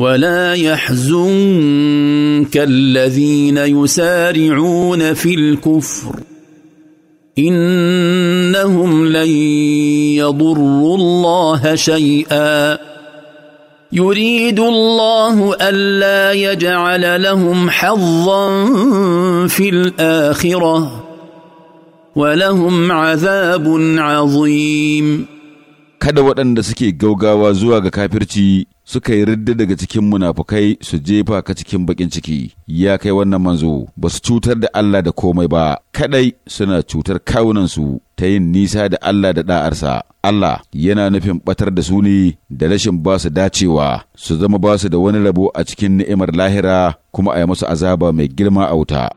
ولا يحزنك الذين يسارعون في الكفر انهم لن يضروا الله شيئا يريد الله الا يجعل لهم حظا في الاخره ولهم عذاب عظيم kada waɗanda suke gaugawa zuwa ga kafirci suka yi ridda daga cikin munafukai su jefa ka cikin bakin ciki ya kai wannan manzo ba su cutar da Allah da komai ba kadai suna cutar kawunansu ta yin nisa da Allah da ɗa'arsa. Allah yana nufin batar da su ne da rashin ba su dacewa su zama ba su da wani rabo a cikin ni'imar lahira kuma a yi musu azaba mai girma a wuta